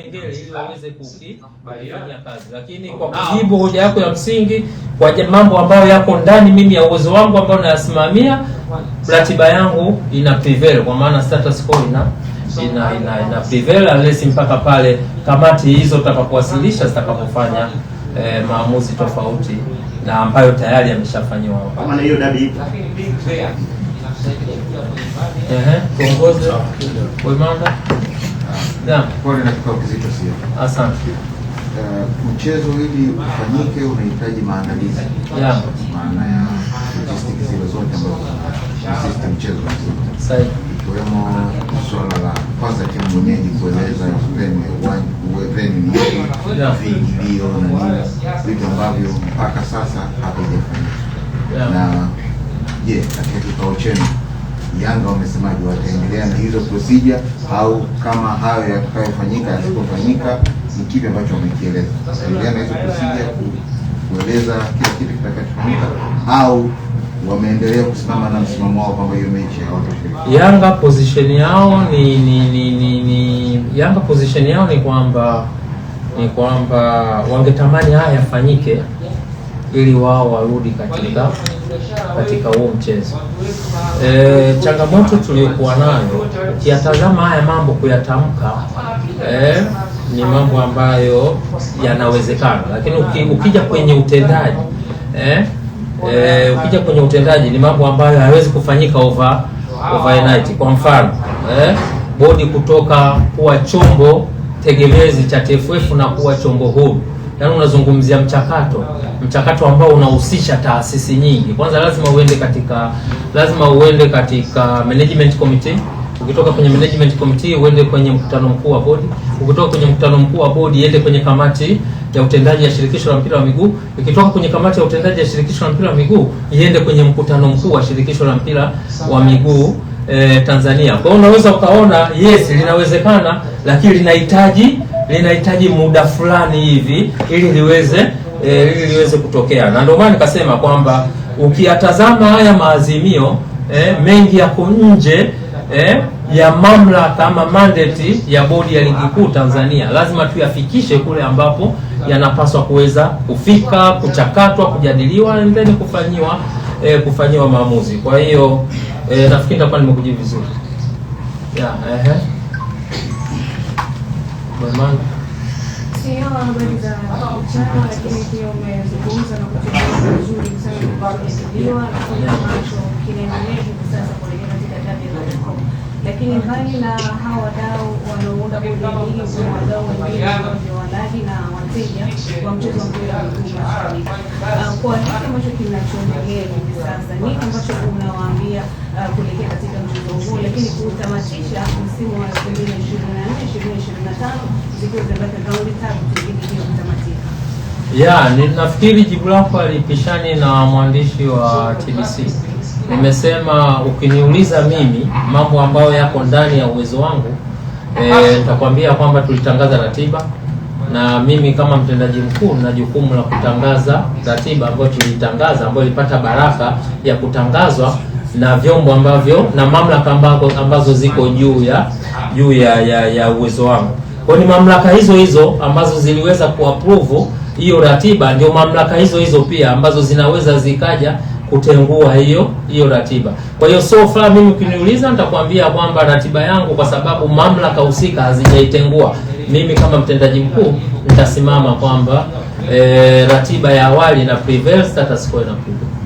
ngele ili waweze kukifanyia kazi, lakini kwa kujibu hoja yako ya msingi kwa mambo ambayo yako ndani mimi ya uwezo wangu ambao nayasimamia, ratiba yangu ina prevail, kwa maana status quo ina ina ina, ina prevail unless mpaka pale kamati hizo tutakapokuwasilisha zitakapofanya eh, maamuzi tofauti na ambayo tayari Kwa Maana hiyo dabi ipo ehe, kiongozi Wemanda kizito sio. Asante. Uh, mchezo ili ufanyike unahitaji maandalizi, maana ya logistics zile zote ambazo mchezo mzima ikiwemo swala la kwanza timu mwenyeji kueleza venue ya uwanja, venue viingilio na nini, vitu ambavyo mpaka sasa havijafanyika. Na je, katika kikao chenu Yanga wamesemaje, wataendelea na hizo procedure au kama hayo yatakayofanyika yasipofanyika, ni kipi ambacho wamekieleza? Wataendelea na hizo procedure kueleza kila kitu kitakachofanyika au wameendelea kusimama na msimamo wao kwamba hiyo mechi hawatashiriki? Yanga position yao ni ni, ni, ni, ni Yanga position yao ni kwamba ni kwamba wangetamani haya yafanyike ili wao warudi katika katika huo mchezo. E, changamoto tuliyokuwa nayo ukiyatazama haya mambo kuyatamka, e, ni mambo ambayo yanawezekana, lakini uki, ukija kwenye utendaji e, e, ukija kwenye utendaji ni mambo ambayo hayawezi kufanyika over overnight. Kwa mfano e, bodi kutoka kuwa chombo tegemezi cha TFF na kuwa chombo huru yaani unazungumzia mchakato, mchakato ambao unahusisha taasisi nyingi. Kwanza lazima uende katika lazima uende katika management committee ukitoka kwenye management committee uende kwenye mkutano mkuu wa bodi, ukitoka kwenye mkutano mkuu wa bodi iende kwenye kamati ya utendaji ya shirikisho la mpira wa miguu, ukitoka kwenye kamati ya utendaji ya shirikisho la mpira wa miguu iende kwenye mkutano mkuu wa shirikisho la mpira wa miguu eh, Tanzania. Kwa hiyo unaweza ukaona yes linawezekana, lakini linahitaji linahitaji muda fulani hivi ili liweze e, ili liweze kutokea, na ndio maana nikasema kwamba ukiyatazama haya maazimio e, mengi yako nje e, ya mamlaka ama mandate ya bodi ya ligi kuu Tanzania. Lazima tuyafikishe kule ambapo yanapaswa kuweza kufika, kuchakatwa, kujadiliwa and then kufanyiwa e, kufanyiwa maamuzi. Kwa hiyo e, nafikiri nitakuwa nimekujibu vizuri yeah, uh-huh. Mama, sijaona za lakini pia umezungumza na kutueleza vizuri sana kwamba hivi sasa kuelekea katika dabi Lakini mbali na hao wadau wanaounda kundi hili, kuna wadau wengine ambao na wateja wa mchezo wa mpira wa miguu ah, Kwa nini ambacho kinachoendelea hivi sasa, nini ambacho unawaambia ah, kuelekea katika mchezo huu, lakini kutamatisha msimu wa 2020 ya nafikiri jibu lako alipishani na mwandishi wa TBC. Nimesema ukiniuliza mimi mambo ambayo yako ndani ya uwezo wangu nitakwambia e, kwamba tulitangaza ratiba na mimi kama mtendaji mkuu na jukumu la kutangaza ratiba ambayo tulitangaza ambayo ilipata baraka ya kutangazwa na vyombo ambavyo na mamlaka ambazo, ambazo ziko juu ya juu ya, ya, ya uwezo wangu. Kwa ni mamlaka hizo hizo ambazo ziliweza kuapprove hiyo ratiba, ndio mamlaka hizo hizo pia ambazo zinaweza zikaja kutengua hiyo hiyo ratiba. Kwa hiyo so far mimi ukiniuliza, nitakwambia kwamba ratiba yangu, kwa sababu mamlaka husika hazijaitengua, mimi kama mtendaji mkuu nitasimama kwamba e, ratiba ya awali na prevail status quo na